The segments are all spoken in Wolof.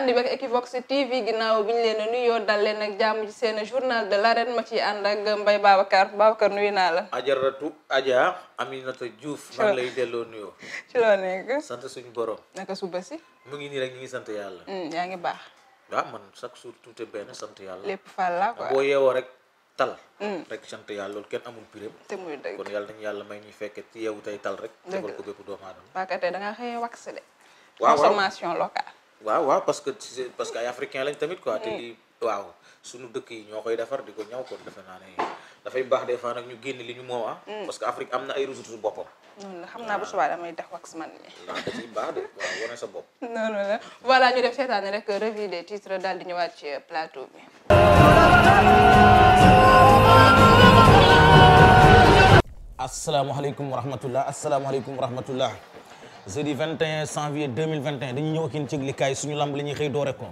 ànd bi ak Equivox TV ginnaaw bi ñu leen a nuyoo dal leen ak jàmm ci seen journal de l'arène ma ciy ànd ak Mbaye Babacar Babacar nuyu naa la. ajaratu Adja Aminata Diouf. maa ngi lay delloo nuyoo. ci loo nekk. sant suñu borom. naka suba si. mu ngi nii rek ñu ngi sant yàlla. Mm, yaa ngi baax. waaw man chaque jour tuuti benn sant yàlla. lépp fàll la quoi boo yeewoo rek. tal mm. rek sant yàlla loolu kenn amul pireem te muy dëgg kon yàlla nañu yàlla may ñuy fekke ci yeewu tey tal rek tegal ko bépp doomu aadama waaw kay tey da ngaa xëyee wax de consommation locale waaw waaw parce que parce que ay africain lañ tamit quoi te lii mm. waaw suñu dëkk yi ñoo koy defar di ko ñaw kon defe naa ne dafay baax des fois nag ñu génn li ñu moom a ah. mm. parce que Afrique am na ay ressources boppam. noonu mm, la xam naa bu subaa damay def wax man mi. waaw da ciy baax de waaw wane sa bopp. noonu la voilà ñu def seetaan rek revue des titres daal di ñëwaat ci plateau bi. asalaamaaleykum wa rahmatulah asalaamaaleykum wa jeudi 21 janvier 2021 dañu ñëw ak yéen ci yëglikaay suñu lamb la ñuy xëy doore ko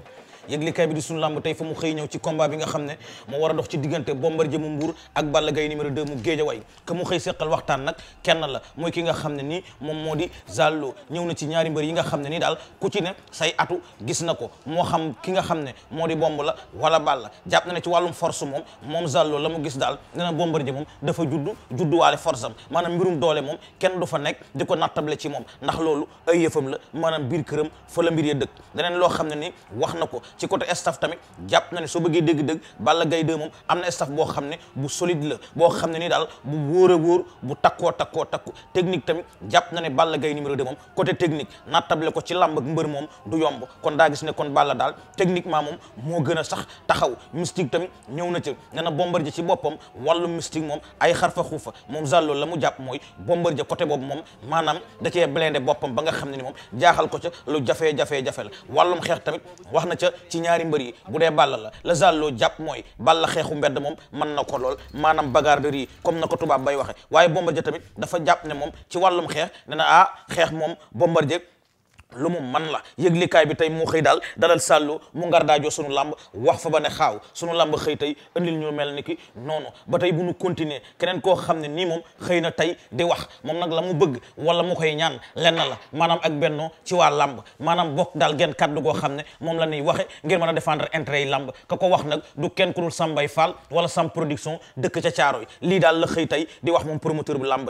yëglikaay bi di suñu làmb tey fa mu xëy ñëw ci combat bi nga xam ne moo war a dox ci diggante Bombardier mu Mbour ak Balla Gaye numéro 2 mu Guédiawaye ka mu xëy seqal waxtaan nag kenn la mooy ki nga xam ne nii moom moo di Zallo ñëw na ci ñaari mbër yi nga xam ne nii daal ku ci ne say atu gis na ko moo xam ki nga xam ne moo di bomb la wala la jàpp na ne ci wàllum force moom moom Zallo la mu gis daal nee na Bombardier dafa juddu judduwaale force am maanaam mbirum doole moom kenn du fa nekk di ko nattable ci moom ndax loolu ay yëfam la maanaam biir këram fa la mbir ya loo xam ne ni wax na ko ci côté staff tamit jàpp na ne soo bëggee dégg-dégg Balla Gaye 2 moom am na staff boo xam ne bu solide la boo xam ne ni daal bu wóor a wóor bu takkoo takkoo takku technique tamit jàpp na ne Balla gay numéro 2 moom côté technique nattable ko ci làmb mbër moom du yomb kon daa gis ne kon Balla daal techniquement moom moo gën a sax taxaw mystique tamit ñëw na ci nee na Bombardier ci boppam wàllu mystique moom ay xar xarfa xuufa moom zàlloo la mu jàpp mooy Bombardier côté boobu moom maanaam da cee blindé boppam ba nga xam ne ni moom jaaxal ko ca lu jafe la wàllum xeex ci ñaari mbër yi bu dee Balla la la zàlloo jàpp mooy Balla xeexu mbedd moom mën na ko lool maanaam bagarrerie comme na ko tubaab bay waxe waaye Bombardier tamit dafa jàpp ne moom ci wàllum xeex ne ah xeex moom Bombardier lu mu man la yëglikaay bi tey mu xëy daal dalal sàllu mu ngar daajoo sunu làmb wax fa ba ne xaaw sunu làmb xëy tey andil ñu mel ni ki noonu ba tey bu nu continuer keneen koo xam ne nii moom xëy na tey di wax moom nag la mu bëgg wala mu koy ñaan lenn la maanaam ak benno ci waa làmb maanaam bokk daal genn kàddu goo xam ne moom la ñuy waxe ngir mën a défendre intérêt yi làmb ka ko wax nag du kenn ku dul Sambay wala Sam Production dëkk ca Caaroy lii daal la xëy tey di wax moom promoteur bu làmb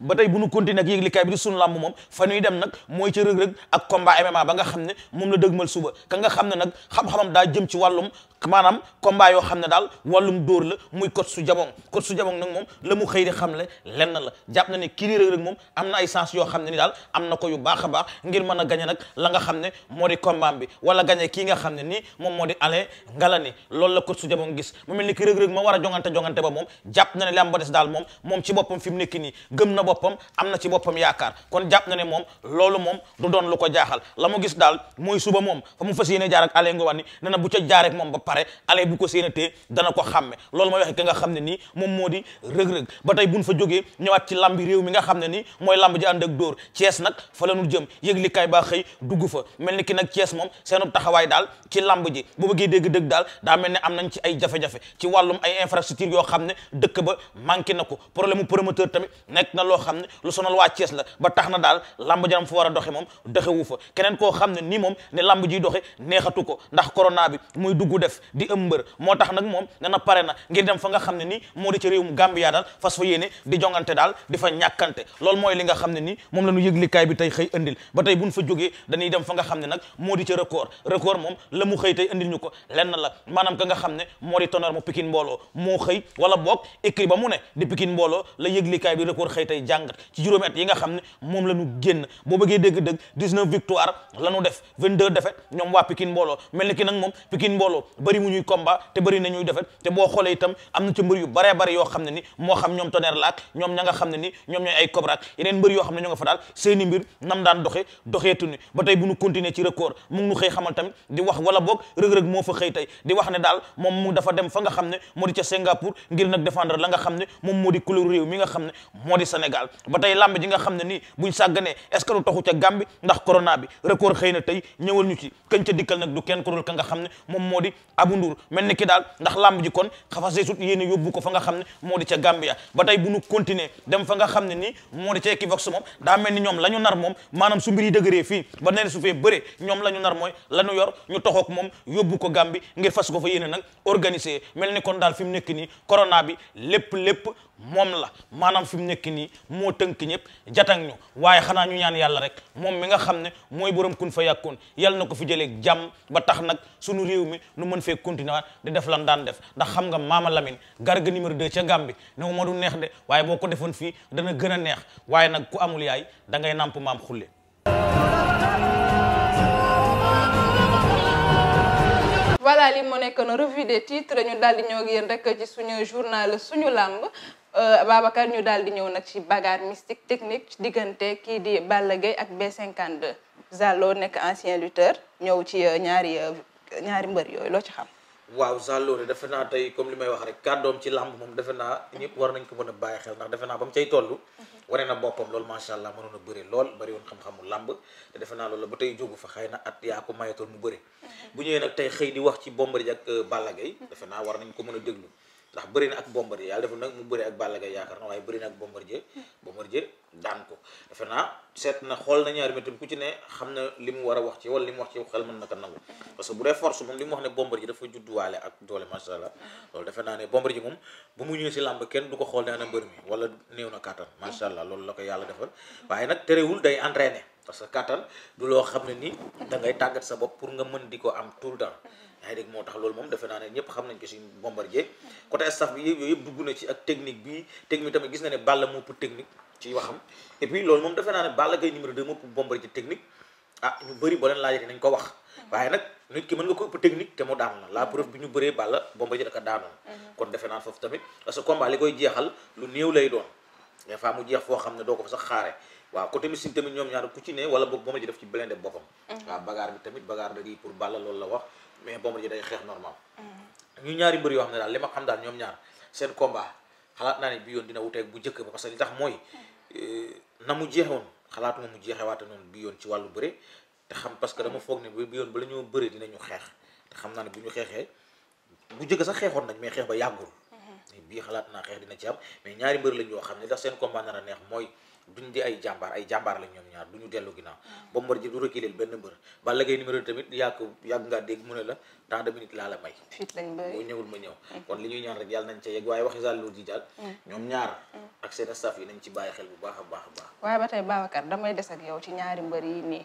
ba tey bu nu continuer ak yëglikaay bi di sunu làmb moom fa ñuy dem nag mooy ca rëg-rëg ak combat MMA ba nga xam ne moom la dëgmal suba ka nga xam ne nag xam-xamam daa jëm ci wàllum maanaam combat yoo xam ne daal wàllum dóor la muy kot su jabong kot su jabong moom la mu xëy di xam le lenn la jàpp na ne kii di Reug Reug moom am na yoo xam ne ni daal am na ko yu baax a baax ngir mën a gañe nag la nga xam ne moo di combat bi wala gañe kii nga xam ne nii moom moo di Alain Ngalani loolu la kot su jabong gis mu mel ni ki Reug Reug ma war a jongante jongante ba moom jàpp na ne li am daal moom moom ci boppam fi mu nekk nii gëm na boppam am na ci boppam yaakaar kon jàpp na ne moom loolu moom du doon lu ko jaaxal la mu gis daal mooy suba moom fa mu fas yéene jaar ak Alain Ngalani ne na moom ba pare ale bu ko séenatee dana ko xàmme loolu mooy waxe ki nga xam ne nii moom moo di rëg-rëg ba tey buñ fa jógee ñëwaat ci lambi réew mi nga xam ne nii mooy lamb ji ànd ak dóor Thiès nag fa la ñu jëm yëg li kaay baa xëy dugg fa mel ni ki nag Thiès moom seenu taxawaay daal ci lamb ji bu bëggee dégg-dëgg daal daa mel ne am nañ ci ay jafe-jafe ci wàllum ay infrastructure yoo xam ne dëkk ba manqué na ko problème mu promoteur tamit nekk na loo xam ne lu sonal waa cees la ba tax na daal lamb ji am war a doxe moom doxewu fa keneen koo xam ne nii moom ne lamb ji doxe neexatu ko ndax corona bi muy dugg def di am mbër moo tax nag moom nee na pare na ngir dem fa nga xam ne nii moo di ci réewum Gambia daal fas fa yéene di jongante daal di fa ñàkkante loolu mooy li nga xam ne nii moom la ñu yëglikaay bi tey xëy andil ba tey buñ fa jógee dañuy dem fa nga xam ne nag moo di ci record record moom la mu xëy tey andil ñu ko lenn la maanaam ka nga xam ne moo di Tonnerre mu Pikine mbooloo moo xëy wala boog écrit ba mu ne di Pikine mbooloo la yëglikaay bi record xëy tey jàngat ci yi nga xam ne moom la ñu génn boo bëggee dégg-dégg 19 victoire la ñu def 22 défaite ñoom waa Pikine mbooloo mel ni ki nag moom Pikine mbooloo bëri mu ñuy combat te bëri na ñuy defet te boo xoolee itam am na ci mbër yu baree bari yoo ne ni moo xam ñoom tonnerre la ak ñoom nga xam ne ni ñoom ñooy ay kobraak yeneen mbër yoo xam ne ñoo nga fa seeni mbir nam daan doxe doxeetuni ba tey bu ñu continuer ci record mu ngi nu xëy xamal tamit di wax wala boog rëg-rëg moo fa xëy tey di wax ne daal moom mu dafa dem fa nga xam ne moo di ca Singapour ngir nag défendre la nga xam ne moom moo di couleur réew mi nga xam ne moo di Sénégal ba tey làmb ji nga xam ne nii buñ sàgganee est-ce du taxu ca Gàmbi ndax corona bi record xëy na tey ñëwal ñu ci kañ ca dikkal nag du kenn ko dul ka nga xam ne moom moo di Abu Ndour mel ni ki daal ndax lamb ji kon xafasee sut yéene yóbbu ko fa nga xam ne moo di ca Gambia ba tey bu nu continuer dem fa nga xam ne ni moo di ca Equivox moom daa mel ni ñoom la ñu nar moom maanaam su mbir yi dëgëree fii ba neen su fee bëre ñoom la ñu nar mooy la yor ñu toxook moom yóbbu ko Gambi ngir fas ko fa yéene nag organiser mel ni kon daal fi mu nekk nii corona bi lépp lépp moom la maanaam fi mu nekk nii moo tënk ñëpp jatang ñu waaye xanaa ñu ñaan yàlla rek moom mi nga xam ne mooy borom kun fa yàkkoon yàlla na ko fi jëlee jàmm ba tax nag sunu réew mi nu mën fee continuer di def lañ daan def ndax xam nga maama Lamine garga numéro 2 ca Gàmbi ne ma du neex de waaye boo ko defoon fii dana gën a neex waaye nag ku amul yaay da ngay nàmp maam xulle voilà li mu nekkoon revue daal di ñëw ak rek suñu journal suñu làmb Euh, Babacar ñu daal di ñëw nag ci bagarre mystique technique diggante kii di Balla gay ak B52 Zallo nekk ancien lutteur ñëw ci euh, ñaari euh, ñaari mbër yooyu loo ci xam. waaw Zallo de defe naa tey comme li may wax rek kàddoom ci làmb moom defe naa ñëpp war nañ ko mën a bàyyi xel ndax defe naa ba mu cay mhm. na boppam loolu macha allah mënoon a bëri lool bëri woon xam-xamu làmb te defe naa loolu ba tey jógu fa xëy na at yaa ko mayatoon mu bëri. Mhm. bu ñëwee nag tey xëy di wax ci Bombardier ak Balla Gaye mhm. defe naa war nañ ko mën a déglu. ndax bëri na ak Bombardier yàlla defal nag mu bëri ak Balla Gaye yaakaar na waaye bëri na ak Bombardier Bombardier daan ko defe naa seet na xool na ñaari métam ku ci ne xam na li mu war a wax ci wala li mu wax ci xel mën na ko nangu parce que bu dee force moom li mu wax ne Bombardier dafa judduwaale ak doole macha allah loolu defe naa ne Bombardier moom bu mu ñëwee si làmb kenn du ko xool ne ana mbër mi wala néew na kattan macha allah loolu la ko yàlla defal waaye nag terewul day entraîné parce que kattan du loo xam ne ni da ngay tàggat sa bopp pour nga mën di ko am tout le temps yaa ngi moo tax loolu moom defe naa ne ñëpp xam nañ ko si bombardier côté staff bi yooyu yëpp dugg na ci ak technique bi technique tamit gis na ne Balla moo pour technique ci waxam et puis loolu moom defe naa ne Balla Gaye numéro 2 moo pour bombardier technique ah ñu bëri boo ko wax waaye nag nit daanu la mhm. kon defe naa foofu tamit parce que combat li koy jeexal lu néew lay doon des fois mu jeex foo xam ne doo ko sax xaare waaw côté machine tamit ñoom ñaar ku ci ne wala boog bombardier def ci blindé boppam mhm. waaw bagaar bi tamit bagaar loolu la wax mais Bombardier day xeex normal. Mm. ñu ñaari mbër yoo xam ne daal li ma xam daal ñoom ñaar seen komba xalaat naa ne bi yoon dina wuteeg bu njëkk ba parce que li tax mooy mm. eh, na mu jeexoon xalaatuma mu jeexewaate noonu bi yoon ci wàllu bëre xam parce que dama foog ne bi yoon ba la ñu bëre dinañu xeex te xam naa ne bu ñu xeexee bu njëkk sax xeexoon nañ mais xeex ba yàggul mm-hmm. bii xalaat naa xeex dina ci am mais ñaari mbër lañ yoo xam ne li seen combat nar a neex mooy duñ di ay jàmbaar ay jàmbaar lañ ñoom ñaar duñu dellu ginnaaw Bombardier du reculer benn mbër Balla Gaye numéro tamit yàgg yàgg ngaa dégg mu ne la temps de minute laa la may boo ñëwul ma ñëw mm. kon li ñuy ñaan rek yàlla nañ ca yegg waaye waxi sàllu ji daal mm. ñoom ñaar mm. ak seen staff yi nañ ci bàyyi xel bu baax a baax a baax waaye ba tey Babacar damay des ak yow ci ñaari mbër yi nii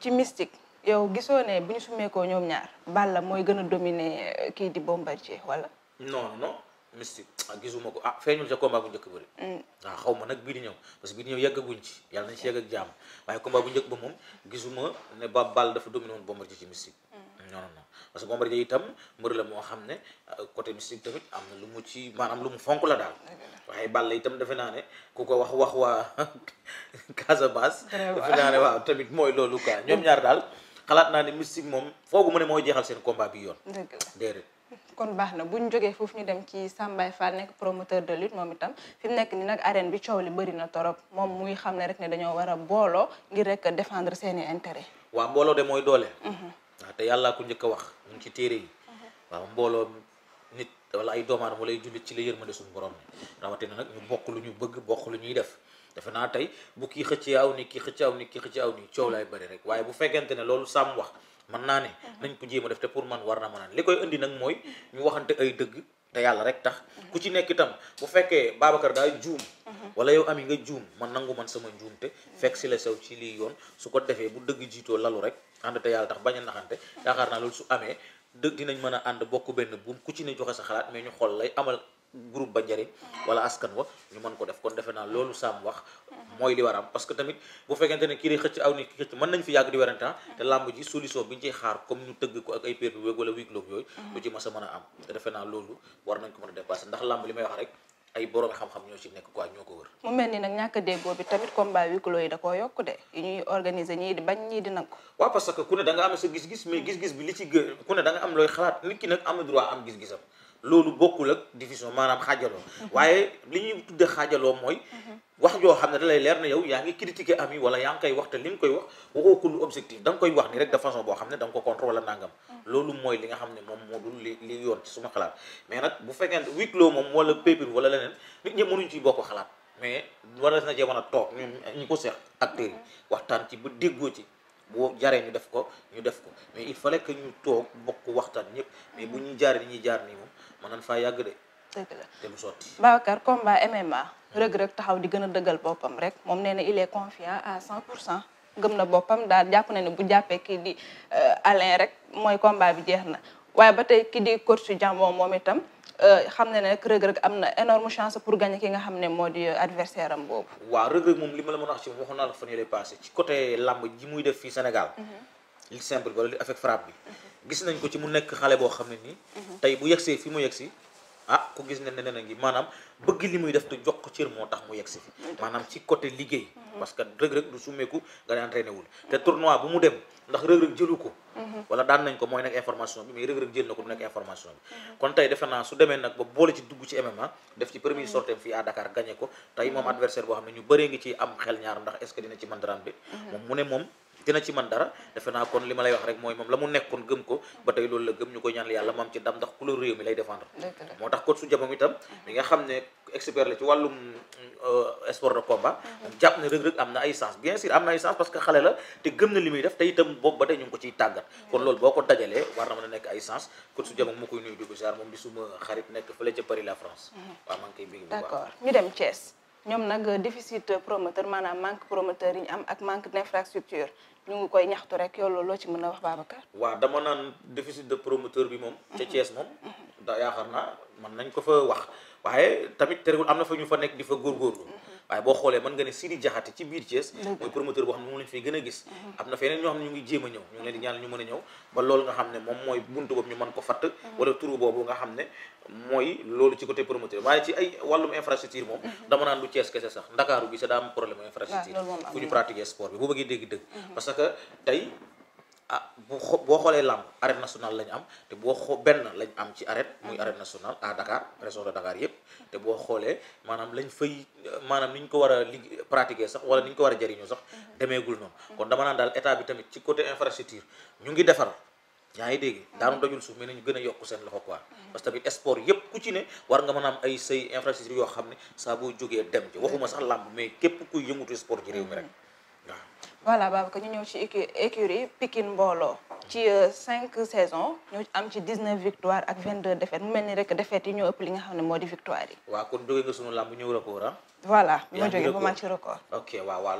ci mystique yow gisoo ne bu ñu sumeekoo ñoom ñaar la mooy gën a dominer eh, kii di Bombardier wala non no mystique ah gisuma ko ah feeñul sa combat bu njëkk bëri waaw mm. ah, xaw ma nag bii di ñëw parce que bii di ñëw yeggaguñ ci yàlla nañ ci yegg ak jàmm waaye combat bu njëkk ba moom gisuma ne ba bal dafa dominé woon Bombardier ci mystique mm. non non non parce que Bombardier itam mbër la moo xam ne euh, coté mystique tamit am na lu mu ci maanaam lu mu fonk la daal waaye Balla itam defe naa ne ku ko wax wax waa Casamance defe naa ne waaw tamit mooy loolu quoi ñoom ñaar daal xalaat naa ne mystique moom foogu mu mooy jeexal seen combat bi yoon kon baax na bu ñu jógee foofu ñu dem ci Sambay Fall nekk promoteur de lutte moom itam fi mu nekk nii nag arène bi coow li bëri na torop moom muy xam ne rek ne dañoo war a booloo ngir rek défendre seeni intérêt waaw mbooloo de mooy doole mhm. waaw te yàllaa ko njëkk a wax ñu ci téere yi mhm. waaw mbooloo nit wala ay doomu aadama lay jullit ci la yërmande suñu borom ne rawatina nag ñu bokk lu ñu bëgg bokk lu ñuy def defe naa tey bu kii xëcc aw ni kii xëcc aw man naa ne nañ ko jéem a def te pour man war na mën a li koy indi nag mooy ñu waxante ay dëgg te yàlla rek tax ku ci nekk itam bu fekkee Babacar daa juum wala yow ami nga juum man nangu man sama njuumte fekk si la sew ci lii yoon su ko defee bu dëgg jiitoo lalu rek ànd te yàlla tax bañ a naxante yaakaar naa loolu su amee dëgg dinañ mën a ànd bokk benn buum ku ci ne joxe sa xalaat mais ñu xool lay amal groupe ba njëriñ wala askan wa ñu mën ko def kon defe naa loolu saam wax mooy li war am parce tamit bu fekkente ne kii di xëcc aw nit ki xëcc mën nañ fi yàgg di werante ah. te làmb ji solution bi ñu xaar comme ñu tëgg ko ak a loolu war nañ ko mën li may wax rek ay xam-xam ñoo nekk quoi ñoo ko wër. mu mel ni nag ñàkk déggoo bi tamit combat huis yi da koo yokk de ñuy organiser ñii di bañ ñii di nangu. waaw parce que ku ne da nga am sa gis-gis mais gis-gis bi li ci gë ku ne da nga am looy xalaat nit nag am droit gisam loolu bokkul ak diffison maanaam xaajaloo mhm. waaye li ñuy tudde xaajaloo mooy mhm. wax joo xam ne da lay leer na yow yaa ngi critiquer am yi wala yaa ngi koy wax te li nga koy wax waxoo ko lu objectif da koy wax ni rek de façon boo xam ne da nga ko contrôle nangam mhm. loolu mooy li nga xam ne moom moo dul li li yoon ci suma xalaat mais nag bu fekkee huis moom wala pépir wala leneen nit ñi mënuñ ciy bokk xalaat mais war na cee mën a toog ñun ñu ko seex acteurs yi waxtaan ci ba déggoo ci boo jaree ñu def ko ñu def ko mais il fallait que ñu toog bokk waxtaan ñëpp mais bu ñuy jaaree ni ñuy jaar nii moom mën nañ faa yàgg de. dëgg la dem sotti. Babacar combat MMA rëg-rëg taxaw di gën a dëggal boppam rek moom nee na il est confiant à 100 pour cent gëm na boppam daal jàpp na ne bu jàppee kii di euh, Alain rek mooy combat bi jeex na waaye ba tey kii di coach Jambon moom itam euh, xam na ne nag rëg am na énorme chance pour gagner ki nga xam ne moo di euh, adversaire am boobu. waaw rëg-rëg moom li ma la mën a wax ci waxoon naa la fan yële passé ci côté lamb ji muy def fii Sénégal. Mhm. gis nañ ko ci mu nekk xale boo xam ne nii. Mhm. tey bu yegsee fi mu yegsi ah ku gis ne ne na ngi maanaam bëgg li muy def te jox ko cër moo tax mu yegsi fi maanaam ci côté liggéey. Mhm. parce que rëg-rëg du summeeku nga ne entraîné wul te tournoi bu mu dem ndax rëg-rëg jëlu ko. Mhm. wala daan nañ mooy nekk information bi mais na information bi. tey defe naa su demee nag ba boole ci dugg ci MMA def ci premier fii à Dakar gagné ko tey moom adversaire boo xam ne ñu bëree ngi ci am xel ñaar ndax est-ce que dina ci mën dara bi moom mu ne moom. dina ci man dara defe naa kon li ma lay wax rek mooy moom la mu nekkoon gëm ko ba tey loolu la gëm ñu koy ñaan yàlla moom ci ndax couleur réew mi lay défendre moom euh, mm-hmm. na ay sens bien sûr am na ay sens parce que xale mm-hmm. a di suma xarit nekk fële ca Paris la France mm-hmm. waaw maa koy bigi bu baax d'accord ñoom nag déficit promoteur maanaam manque promoteur yi ñu am ak manque d'infrastructure ñu ngi koy ñaxtu rek yow loo ci mën a wax Babacar. waa dama naan déficit de promoteur bi moom. ca Thiès moom. Mhm. da yaakaar naa mën nañ ko fa wax waaye tamit terewul am na fa ñu fa nekk di fa góorgóorlu. Mhm. waaye boo xoolee mën nga ne Sidi Diakhaté ci biir Thiès mooy promoteur boo xam ne moom lañ fii gën a gis am na feneen ñoo xam ne ñu ngi jéem ñëw ñu leen di ñaanal ñu mën a ñëw ba loolu nga xam ne moom mooy buntu boobu ñu mën ko fatt wala turu boobu nga xam ne mooy loolu ci côté promoteur waaye ci ay wàllum infrastructure moom dama naan du Thiès kese sax Ndakaaru bi sa daa problème infrastructure fu ñu pratiquer sport bi bu bëggee dégg dëgg ah bu boo xoolee làmb arène nationale lañu am te boo xoo benn lañ am ci arène muy arène nationale à Dakar région de Dakar yépp te boo xoolee maanaam lañ fay maanaam ni ñu ko war a liggéey pratiquer sax wala ni ñu ko war a jariñoo sax demeegul noonu kon dama naan daal état bi tamit ci côté infrastructure ñu ngi defar yaa ngi dégg daanu dojul suuf mais nañu gën a yokk seen loxo quoi parce que tamit sport yépp ku ci ne war nga mën a am ay say infrastructure yoo xam ne saa boo jógee dem ci waxuma sax mais képp kuy yëngutu sport ci réew voilà Babacar ñu ñëw ci écurie Pikine mbooloo ci euh, cinq saisons ñu am ci dix-neuf victoires ak vingt-deux défaites mu mel ni rek défaites yi ñoo ëpp li nga xam ne moo di victoire yi waaw kon jógee nga sunu làmb ñëw record ah?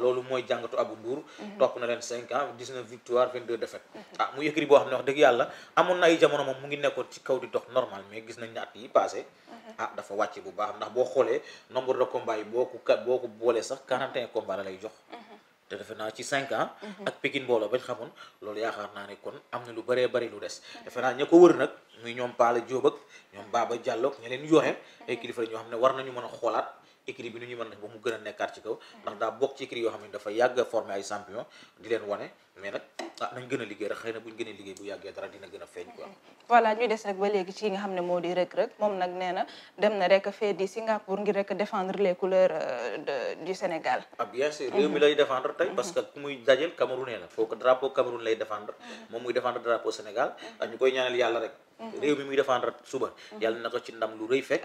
loolu mooy jàngatu Abou Ndour mhm. topp na leen cinq ans dix-neuf victoires vingt-deux défaites ah mu écurie boo xam ne wax dëgg yàlla amoon na jamono moom mu ngi nekkoon ci kaw di dox normal mais gis nañ ne at yi passé mhm. ah dafa wàcce bu baax ndax boo xoolee nombre de combats yi boo ko kat boo ko boolee sax quarante et un combats la lay jox mhm. te defe naa ci 5 ans. Mhm. ak Pikine mbooloo bañ xamoon loolu yaakaar naa ne kon am na lu bëree bëri lu des. defe naa ña ko wër nag muy ñoom Pala Diop ñoom Baba Diallo ak ña leen yooxe ay kilifa ñoo xam ne war nañu mën a xoolaat. écrit bi nu ñu mën def ba mu gën a nekkaat ci kaw ndax daa bokk ci écrit yoo xam ne dafa yàgg a formé ay champion di leen wane mais nag ah, nañ gën a liggéey rek xëy na buñ gën a liggéey bu yàggee dara dina gën a feeñ quoi voilà ñu des rek ba léegi ci nga xam ne moo di rek rek moom nag nee na dem na rek fee di Singapour ngir rek défendre les couleurs euh, du Sénégal ah bien sûr réew mi lay défendre tey parce que ku muy dajel Cameroun la foo ko drapeau Cameroun lay défendre mm-hmm. moom muy défendre drapeau Sénégal ah, ñu koy ñaanal yàlla rek Mhm. réew mi muy défendre suba mhm. yàlla na ko ci ndam lu rëy fekk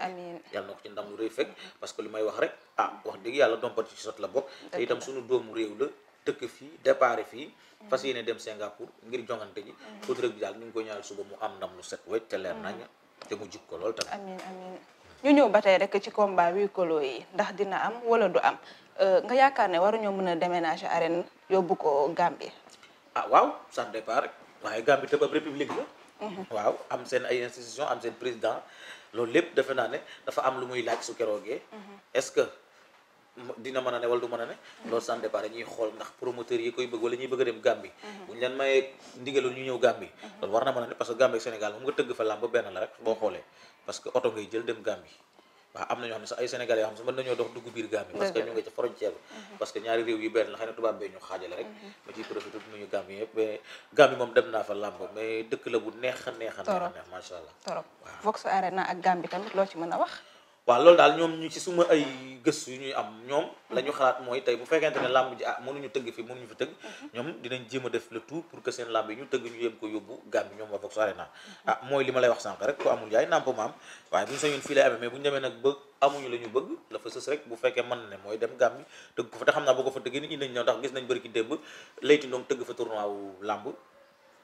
yàlla ko ci ndam lu rëy fekk parce que lu may wax rek ah, wax dëgg yàlla dompati ci sot la bokk te itam suñu doomu réew la dëkk fii départ fii mhm. fas yéene dem Singapour ngir jongante ji côté rek bi daal ñu ngi koy ñaanal suba mu am ndam lu set wecc te leer nañ te mu jik ko lool ta amiin amiin ñu ñëw ba tey rek ci combat wi kolo yi ndax dina am wala du am euh, nga yaakaar ne waruñoo mën a déménager arène yóbbu ko Gambie ah waaw ça départ rek waaye Gambie te ab république la Mhm. waaw am seen ay institution am seen président loolu lépp defe naa ne dafa am lu muy laaj su keroogee mhm. est-ce que dina mën a ne wala du mën a ne mhm. loolu sans départ xool ndax promoteurs yi koy bëgg wala ñuy bëgg a dem Gambie bu ñu leen mayee ndigalul ñu ñëw Gambie loolu war na mën a ne parce que Gambie ak Sénégal moom nga tëgg fa làmb benn la rek boo xoolee parce que oto ngay jël dem Gambie waaw am na ñoo xam ne sax ay sénégalais yoo xam ne mën nañoo dox dugg biir Gambie parce que ñu ngi frontière mhm. parce que ñaari réew yu benn la xëy tubaab bee ñu xaajale rek mhm. ma ciy profité du nuyu Gambie yëpp Gambie moom dem naa fa làmb mais dëkk la bu neex a neex a neex a neex macha allah trop Arena ak Gambie tamit loo ci mën a wax waaw loolu daal ñoom ñu ci suma ay gëstu yu ñuy am ñoom la xalaat mooy tey bu fekkente ne làmb ji ah mënuñu tëgg fi mënuñu fi tëgg mm-hmm. ñoom dinañ jéem a def le tout pour que seen làmb ñu tëgg ñu yem ko yóbbu gàmbi ñoom waa Vox mm-hmm. ah, li ma lay wax sànq rek ko amul yaay nàmp maam waaye bu ñu sañoon fii lay amee ñu demee ñu bëgg la fa fekkee mën ne mooy dem gàmbi tëgg ko fa te xam naa boo ko fa tëggee nit ñi ndax gis nañ bëri ki démb layti ndoom tëgg fa tournoi wu làmb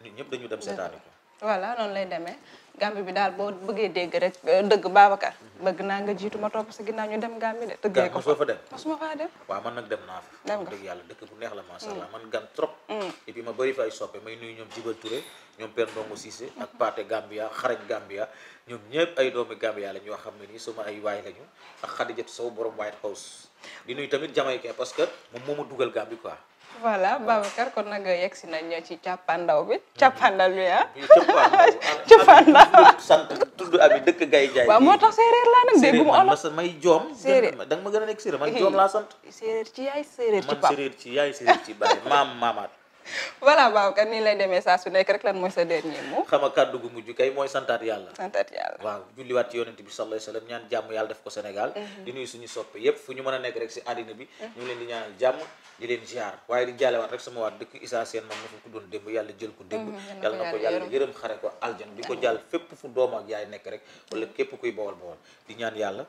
nit ñëpp dañu dem seetaani ko voilà noonu lay demee Gàmbi bi daal boo bëggee dégg rek euh, dëgg Babacar bëgg naa nga jiitu ma topp sa ginnaaw ñu dem Gàmbi de tëggee ko fa dem mosuma faa dem waaw naa fa dëgg yàlla dëkk bu neex la macha mm. mm. ma bëri fay soppe may nuyu ñoom Jiba Touré ñoom Père Ndongo Cissé ak Paate Gambia ñëpp ay doomi Gambia la ñoo xam ne nii suma ay waay lañu ak Xadijatu Sow borom White House di nuyu tamit Jamaïcain parce que moom moo ma dugal Gàmbi quoi voilà Babacar kon nag yegg si nañ ci càppandaw bi càppandal bi ah. càppandaw am sant tudd abi dëkk gay jaay. waaw moo tax séeréer laa nag dégg mu olof may joom. séeréer da nga ma gën a nekk séeréer man joom laa sant. séeréer ci yaay séeréer ci pap man ci yaay maam maamaat. voilà Babacar nii lay demee saa su nekk rek lan mooy sa dernier mot. xama kàddu gu mujj kay mooy santaat yàlla. santaat yàlla waaw julliwaat ci yonent bi sallallahu alayhi ko Sénégal. Mhm. di nuyu suñu soppe yépp fu ñu mën a nekk rek si àddina bi. Mhm. ñu ngi leen di ñaanal jàmm di leen ziar waaye di jaalewaat rek sama waa dëkk Issa Sène moom ma fa tuddoon démb yàlla jël ko démb. Mhm, yàlla na ko yàlla yërëm xare ko aljana di ko jàll fépp fu doom ak yaay nekk rek wala képp kuy bawal bawal di ñaan yàlla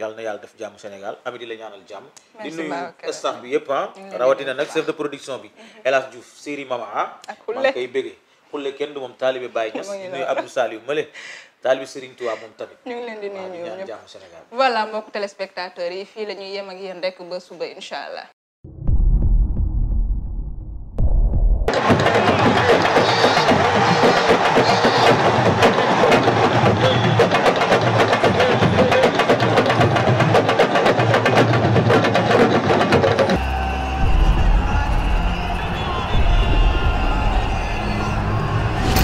yàlla na yàlla def jàmm Sénégal ami di la ñaanal jàmm di nuyu staff bi yëpp ah rawatina nag chef de production bi mm-hmm. El Hadj Diouf Mama ah maa ngi koy béggee xulle kenn du moom taalibe Baye Niass di nuyu Abdou Saliou Male taalibe Serigne moom tamit ñu leen di nuyu ñoom ñëpp jàmm Sénégal voilà mbokk téléspectateurs yi fii la ñuy yem ak ba suba incha allah